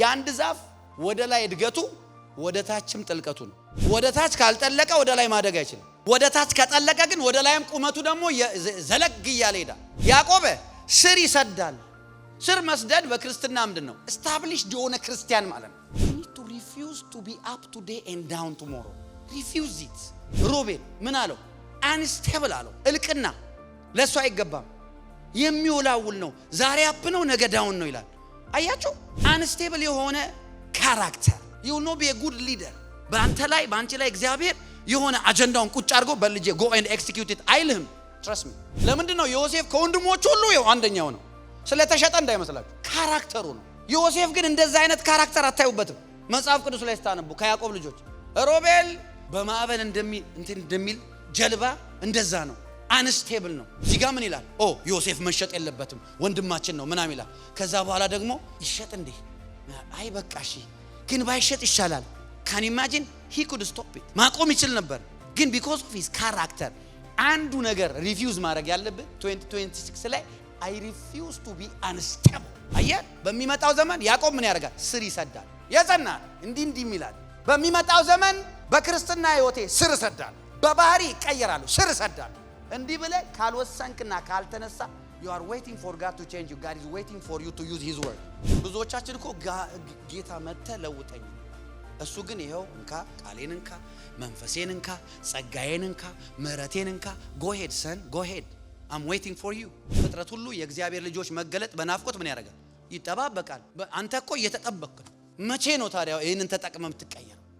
የአንድ ዛፍ ወደ ላይ እድገቱ ወደ ታችም ጥልቀቱ ነው። ወደ ታች ካልጠለቀ ወደ ላይ ማደግ አይችልም። ወደ ታች ከጠለቀ ግን ወደ ላይም ቁመቱ ደግሞ ዘለግ እያለ ሄዳ ያዕቆብ ስር ይሰዳል። ስር መስደድ በክርስትና ምንድን ነው? እስታብሊሽድ የሆነ ክርስቲያን ማለት ነው። ቱ ሪፊውዝ ቱ ቢ አፕ ቱዴ ኤንድ ዳውን ቱሞሮ ሪፊውዝ ኢት። ሮቤል ምን አለው? አንስቴብል አለው። እልቅና ለእሱ አይገባም። የሚወላውል ነው። ዛሬ አፕ ነው፣ ነገ ዳውን ነው ይላል። አያችሁ፣ አንስቴብል የሆነ ካራክተር ዩ ኖ ቢ ጉድ ሊደር። በአንተ ላይ በአንቺ ላይ እግዚአብሔር የሆነ አጀንዳውን ቁጭ አድርጎ በልጄ ጎ ኤንድ ኤክስኪዩቲት አይልህም። ትረስ ሚ። ለምንድን ነው ዮሴፍ ከወንድሞች ሁሉ ይኸው አንደኛው ነው። ስለተሸጠ እንዳይመስላችሁ ካራክተሩ ነው። ዮሴፍ ግን እንደዛ አይነት ካራክተር አታዩበትም። መጽሐፍ ቅዱስ ላይ ስታነቡ ከያዕቆብ ልጆች ሮቤል በማዕበል እንደሚል ጀልባ እንደዛ ነው። አንስቴብል ነው። እዚህ ጋር ምን ይላል? ኦ ዮሴፍ መሸጥ የለበትም ወንድማችን ነው ምናም ይላል። ከዛ በኋላ ደግሞ ይሸጥ እንዴ? አይ በቃ እሺ፣ ግን ባይሸጥ ይሻላል። ካን ኢማጂን ሂ ኩድ ስቶፕ ኢት ማቆም ይችል ነበር፣ ግን ቢኮዝ ኦፍ ሂዝ ካራክተር አንዱ ነገር ሪፊውዝ ማድረግ ያለብን 2026 ላይ አይ ሪፊውዝ ቱ ቢ አንስቴብል። አየህ በሚመጣው ዘመን ያዕቆብ ምን ያደርጋል? ስር ይሰዳል። የጸናል እንዲህ እንዲህ ይላል። በሚመጣው ዘመን በክርስትና ህይወቴ ስር እሰዳለሁ፣ በባህሪ ይቀየራሉ፣ ስር እሰዳለሁ እንዲህ ብለ ካልወሰንክና ካልተነሳ you are waiting for God to change you God is waiting for you to use his word ብዙዎቻችን እኮ ጌታ መጥተህ ለውጠኝ እሱ ግን ይኸው እንካ ቃሌን እንካ መንፈሴን እንካ ጸጋዬን እንካ ምሕረቴን እንካ ጎሄድ ሰን ጎሄድ አም ዌይቲንግ ፎር ዩ ፍጥረት ሁሉ የእግዚአብሔር ልጆች መገለጥ በናፍቆት ምን ያደርጋል ይጠባበቃል አንተ እኮ እየተጠበቅ መቼ ነው ታዲያ ይህንን ተጠቅመ የምትቀየር